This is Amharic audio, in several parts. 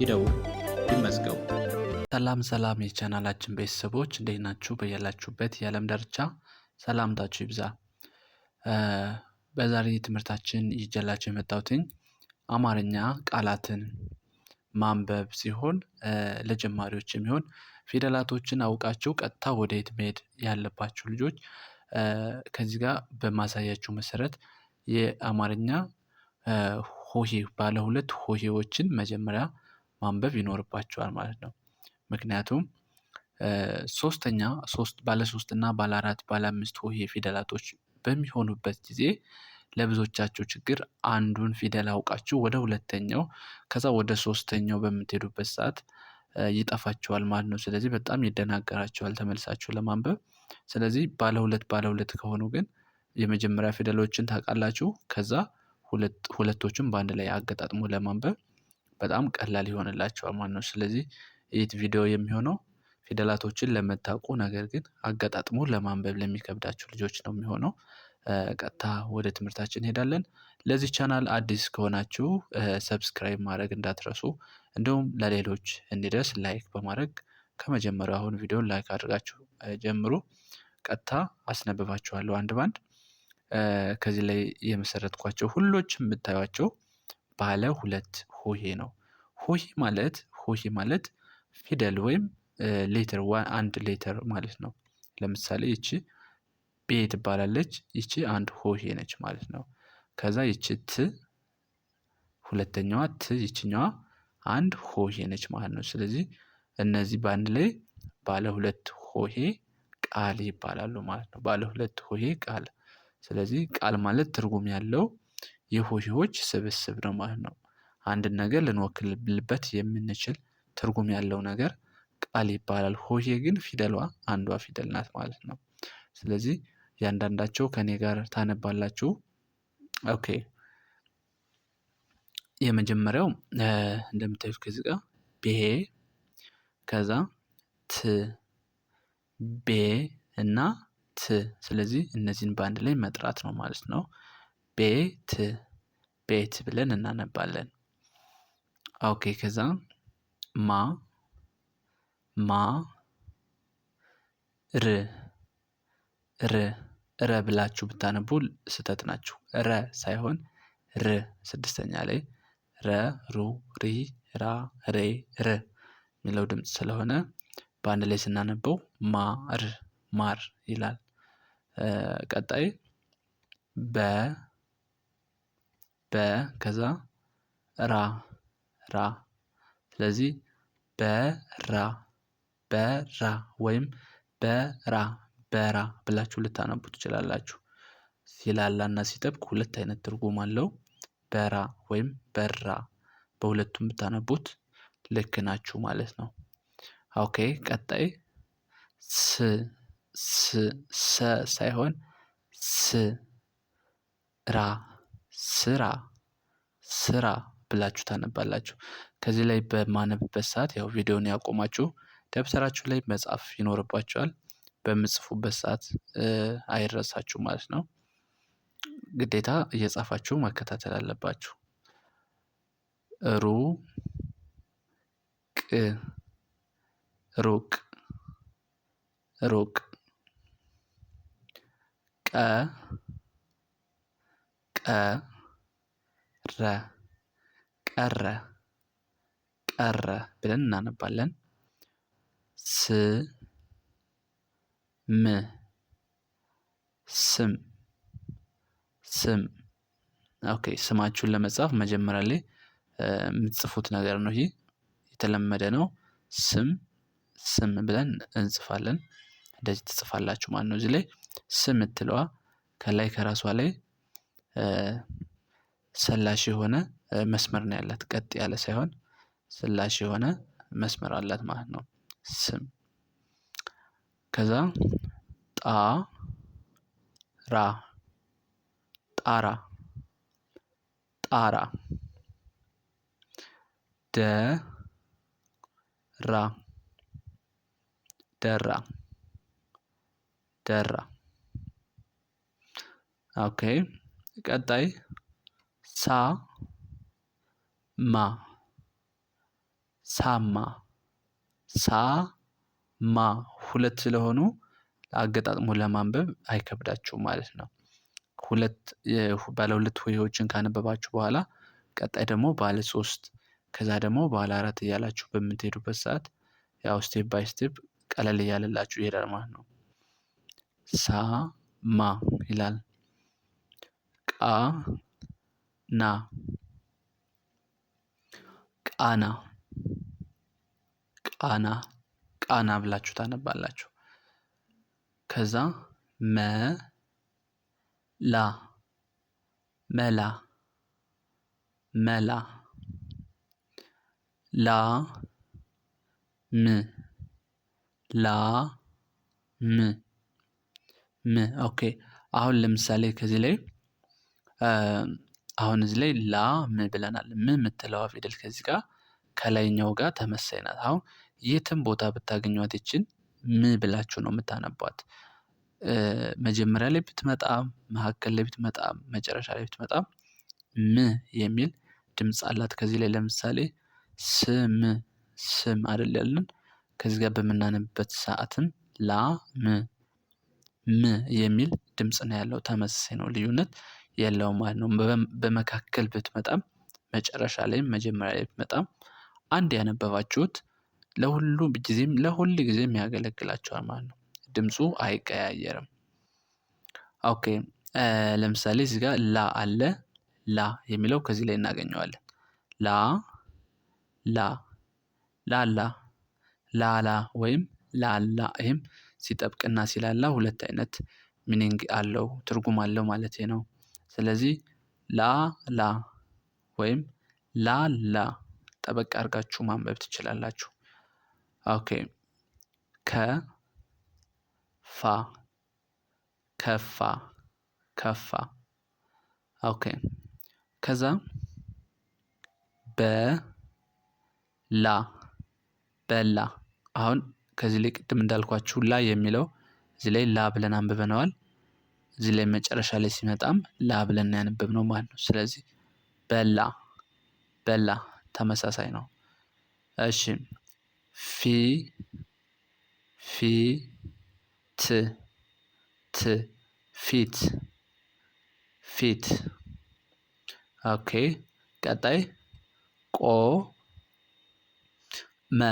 ይደውሉ፣ ይመዝገቡ። ሰላም ሰላም የቻናላችን ቤተሰቦች እንዴት ናችሁ? በያላችሁበት የዓለም ዳርቻ ሰላምታችሁ ይብዛ። በዛሬ ትምህርታችን ይዤላችሁ የመጣሁትኝ አማርኛ ቃላትን ማንበብ ሲሆን ለጀማሪዎች የሚሆን ፊደላቶችን አውቃችሁ ቀጥታ ወደ የት መሄድ ያለባችሁ ልጆች ከዚህ ጋር በማሳያችሁ መሰረት የአማርኛ ሆሄ ባለ ሁለት ሆሄዎችን መጀመሪያ ማንበብ ይኖርባቸዋል ማለት ነው። ምክንያቱም ሶስተኛ ሶስት ባለ ሶስት እና ባለ አራት ባለ አምስት ሆሄ ፊደላቶች በሚሆኑበት ጊዜ ለብዙዎቻችሁ ችግር አንዱን ፊደል አውቃችሁ ወደ ሁለተኛው ከዛ ወደ ሶስተኛው በምትሄዱበት ሰዓት ይጠፋችኋል ማለት ነው። ስለዚህ በጣም ይደናገራችኋል ተመልሳችሁ ለማንበብ። ስለዚህ ባለ ሁለት ባለ ሁለት ከሆኑ ግን የመጀመሪያ ፊደሎችን ታውቃላችሁ ከዛ ሁለቶችን በአንድ ላይ አገጣጥሞ ለማንበብ በጣም ቀላል ይሆንላቸዋል ማለት ነው። ስለዚህ ይህ ቪዲዮ የሚሆነው ፊደላቶችን ለምታውቁ ነገር ግን አገጣጥሞ ለማንበብ ለሚከብዳቸው ልጆች ነው የሚሆነው። ቀጥታ ወደ ትምህርታችን እንሄዳለን። ለዚህ ቻናል አዲስ ከሆናችሁ ሰብስክራይብ ማድረግ እንዳትረሱ እንዲሁም ለሌሎች እንዲደርስ ላይክ በማድረግ ከመጀመሪያው አሁን ቪዲዮን ላይክ አድርጋችሁ ጀምሩ። ቀጥታ አስነብባችኋለሁ አንድ ባንድ ከዚህ ላይ የመሰረትኳቸው ሁሎች የምታዩቸው ባለ ሁለት ሆሄ ነው። ሆሄ ማለት ሆሄ ማለት ፊደል ወይም ሌተር አንድ ሌተር ማለት ነው። ለምሳሌ ይቺ ቤ ትባላለች። ይቺ አንድ ሆሄ ነች ማለት ነው። ከዛ ይቺ ት ሁለተኛዋ ት ይችኛዋ አንድ ሆሄ ነች ማለት ነው። ስለዚህ እነዚህ በአንድ ላይ ባለ ሁለት ሆሄ ቃል ይባላሉ ማለት ነው። ባለ ሁለት ሆሄ ቃል። ስለዚህ ቃል ማለት ትርጉም ያለው የሆሄዎች ስብስብ ነው ማለት ነው። አንድን ነገር ልንወክልበት የምንችል ትርጉም ያለው ነገር ቃል ይባላል። ሆሄ ግን ፊደሏ አንዷ ፊደል ናት ማለት ነው። ስለዚህ እያንዳንዳቸው ከእኔ ጋር ታነባላችሁ። ኦኬ የመጀመሪያው እንደምታዩት ከዚህ ጋር ቤ ከዛ ት ቤ እና ት። ስለዚህ እነዚህን በአንድ ላይ መጥራት ነው ማለት ነው። ቤት ቤት ብለን እናነባለን። ኦኬ ከዛ ማ ማ ር ር ረ ብላችሁ ብታነቡ ስህተት ናችሁ። ረ ሳይሆን ር ስድስተኛ ላይ ረ ሩ ሪ ራ ሬ ር የሚለው ድምፅ ስለሆነ በአንድ ላይ ስናነበው ማር ማር ይላል። ቀጣይ በ በ ከዛ ራ ራ ስለዚህ በራ በራ ወይም በራ በራ ብላችሁ ልታነቡ ትችላላችሁ። እና ሲጠብቅ ሁለት አይነት ትርጉም አለው። በራ ወይም በራ በሁለቱም ብታነቡት ልክ ናችሁ ማለት ነው። ኦኬ ቀጣይ ስ ስ ሰ ሳይሆን ስ ራ ስራ ስራ ብላችሁ ታነባላችሁ። ከዚህ ላይ በማነብበት ሰዓት ያው ቪዲዮን ያቆማችሁ ደብተራችሁ ላይ መጻፍ ይኖርባችኋል። በምጽፉበት ሰዓት አይረሳችሁ ማለት ነው። ግዴታ እየጻፋችሁ ማከታተል አለባችሁ። ሩ ቅ ሩቅ ሩቅ ቀ ቀ ረ። ቀረ ቀረ ብለን እናነባለን። ስ ም ስም ስም ኦኬ። ስማችሁን ለመጻፍ መጀመሪያ ላይ የምትጽፉት ነገር ነው። ይህ የተለመደ ነው። ስም ስም ብለን እንጽፋለን። እንደዚህ ትጽፋላችሁ ማለት ነው። እዚህ ላይ ስም የምትለዋ ከላይ ከራሷ ላይ ሰላሽ የሆነ መስመር ነው ያላት ቀጥ ያለ ሳይሆን ስላሽ የሆነ መስመር አላት ማለት ነው። ስም ከዛ ጣ ራ ጣራ ጣራ ደ ራ ደራ ደራ ኦኬ ቀጣይ ሳ ማ ሳማ ሳ ማ ሁለት ስለሆኑ አገጣጥሞ ለማንበብ አይከብዳችሁ ማለት ነው። ሁለት ባለ ሁለት ሆሄዎችን ካነበባችሁ በኋላ ቀጣይ ደግሞ ባለ ሶስት ከዛ ደግሞ ባለ አራት እያላችሁ በምትሄዱበት ሰዓት ያው ስቴፕ ባይ ስቴፕ ቀለል እያለላችሁ ይሄዳል ማለት ነው። ሳ ማ ይላል። ቃ ና ቃና ቃና ቃና ብላችሁ ታነባላችሁ። ከዛ መ ላ መላ መላ ላ ም ላ ም ም ኦኬ። አሁን ለምሳሌ ከዚህ ላይ አሁን እዚህ ላይ ላ ም ብለናል። ም የምትለዋ ፊደል ከዚህ ጋር ከላይኛው ጋር ተመሳይ ናት። አሁን የትም ቦታ ብታገኟት ይችን ም ብላችሁ ነው የምታነቧት። መጀመሪያ ላይ ብትመጣም መካከል ላይ ብትመጣም መጨረሻ ላይ ብትመጣም ም የሚል ድምፅ አላት። ከዚህ ላይ ለምሳሌ ስም ስም አይደል ያለን ከዚህ ጋር በምናነብበት ሰዓትም ላ ም ም የሚል ድምፅ ነው ያለው። ተመሳሳይ ነው ልዩነት የለውም ማለት ነው። በመካከል ብትመጣም መጨረሻ ላይም መጀመሪያ ላይ ብትመጣም አንድ ያነበባችሁት ለሁሉ ጊዜም ለሁል ጊዜም ያገለግላቸዋል ማለት ነው። ድምፁ አይቀያየርም። ኦኬ ለምሳሌ እዚህ ጋር ላ አለ ላ የሚለው ከዚህ ላይ እናገኘዋለን። ላ ላ ላላ ላላ ወይም ላላ ይህም ሲጠብቅና ሲላላ ሁለት አይነት ሚኒንግ አለው ትርጉም አለው ማለት ነው ስለዚህ ላላ ወይም ላ ላ ጠበቅ አድርጋችሁ ማንበብ ትችላላችሁ። ኦኬ ከ ከፋ ከፋ። ኦኬ ከዛ በላ በላ። አሁን ከዚህ ላይ ቅድም እንዳልኳችሁ ላ የሚለው እዚህ ላይ ላ ብለን አንብበነዋል። እዚህ ላይ መጨረሻ ላይ ሲመጣም ላ ብለን ነው ማለት ነው። ስለዚህ በላ በላ ተመሳሳይ ነው። እሺ ፊ ፊ ት ት ፊት ፊት ኦኬ። ቀጣይ ቆ መ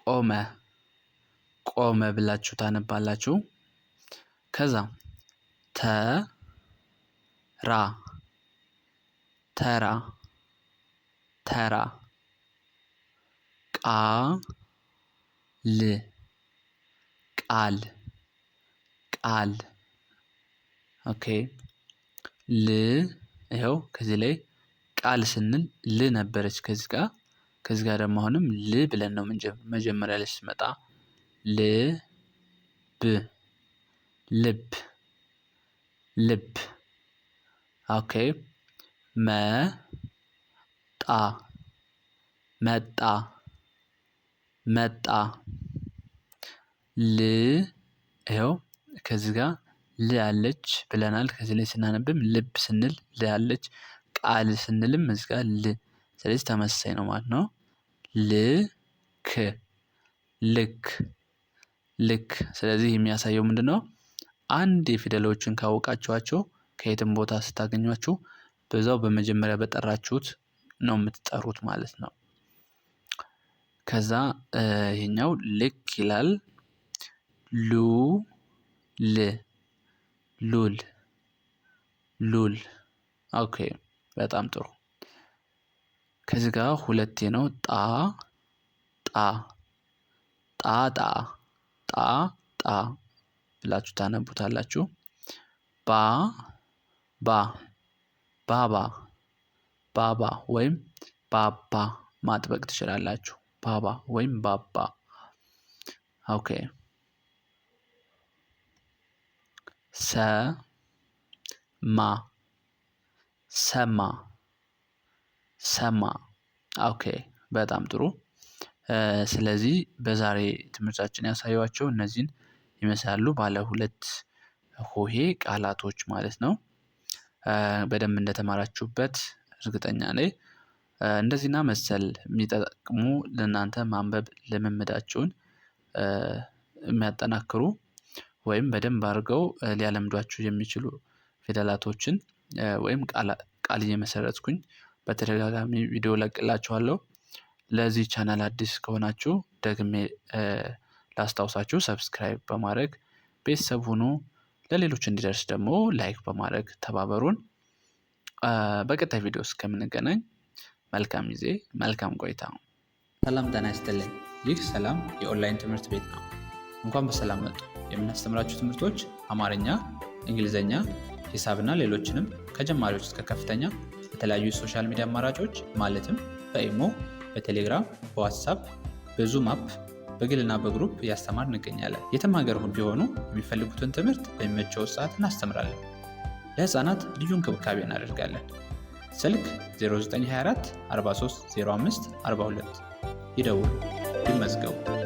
ቆመ ቆመ ብላችሁ ታነባላችሁ። ከዛ ተ ራ ተራ ተራ ቃ ል ቃል ቃል ኦኬ ል ይኸው ከዚህ ላይ ቃል ስንል ል ነበረች ከዚህ ጋ ከዚ ጋ ደግሞ አሁንም ል ብለን ነው መጀመሪያ ላይ ስትመጣ ል ብ ልብ ልብ ኦኬ መጣ መጣ መጣ ል ይኸው ከዚህ ጋር ል ያለች ብለናል። ከዚህ ላይ ስናነብም ልብ ስንል ል ያለች፣ ቃል ስንልም እዚህ ጋር ል። ስለዚህ ተመሳሳይ ነው ማለት ነው። ልክ ልክ ልክ። ስለዚህ የሚያሳየው ምንድን ነው? አንድ ፊደሎችን ካወቃችኋቸው ከየትም ቦታ ስታገኟቸው በዛው በመጀመሪያ በጠራችሁት ነው የምትጠሩት ማለት ነው። ከዛ ይህኛው ልክ ይላል። ሉ ል ሉል ሉል። ኦኬ በጣም ጥሩ። ከዚህ ጋር ሁለቴ ነው። ጣ ጣ ጣ ጣ ጣ ጣ ብላችሁ ታነቡታላችሁ። ባ ባ ባባ ባባ ወይም ባባ ማጥበቅ ትችላላችሁ። ባባ ወይም ባባ። ኦኬ ሰ ማ ሰማ ሰማ። ኦኬ በጣም ጥሩ። ስለዚህ በዛሬ ትምህርታችን ያሳየኋቸው እነዚህን ይመስላሉ ባለ ሁለት ሆሄ ቃላቶች ማለት ነው። በደንብ እንደተማራችሁበት እርግጠኛ ነኝ። እንደዚህና መሰል የሚጠቅሙ ለእናንተ ማንበብ ልምምዳችሁን የሚያጠናክሩ ወይም በደንብ አድርገው ሊያለምዷችሁ የሚችሉ ፊደላቶችን ወይም ቃል እየመሰረትኩኝ በተደጋጋሚ ቪዲዮ ለቅላችኋለሁ። ለዚህ ቻናል አዲስ ከሆናችሁ ደግሜ ላስታውሳችሁ ሰብስክራይብ በማድረግ ቤተሰብ ሁኑ። ለሌሎች እንዲደርስ ደግሞ ላይክ በማድረግ ተባበሩን። በቀጣይ ቪዲዮ እስከምንገናኝ መልካም ጊዜ፣ መልካም ቆይታ። ሰላም ጤና ይስጥልኝ። ይህ ሰላም የኦንላይን ትምህርት ቤት ነው። እንኳን በሰላም መጡ። የምናስተምራችሁ ትምህርቶች አማርኛ፣ እንግሊዝኛ፣ ሂሳብና ሌሎችንም ከጀማሪዎች እስከ ከፍተኛ በተለያዩ የሶሻል ሚዲያ አማራጮች ማለትም በኢሞ፣ በቴሌግራም፣ በዋትሳፕ፣ በዙም አፕ በግልና በግሩፕ እያስተማር እንገኛለን። የትም ሀገር ቢሆኑ የሚፈልጉትን ትምህርት በሚመቸው ሰዓት እናስተምራለን። ለህፃናት ልዩ እንክብካቤ እናደርጋለን። ስልክ 0924 43 05 42 ይደውሉ፣ ይመዝገቡ።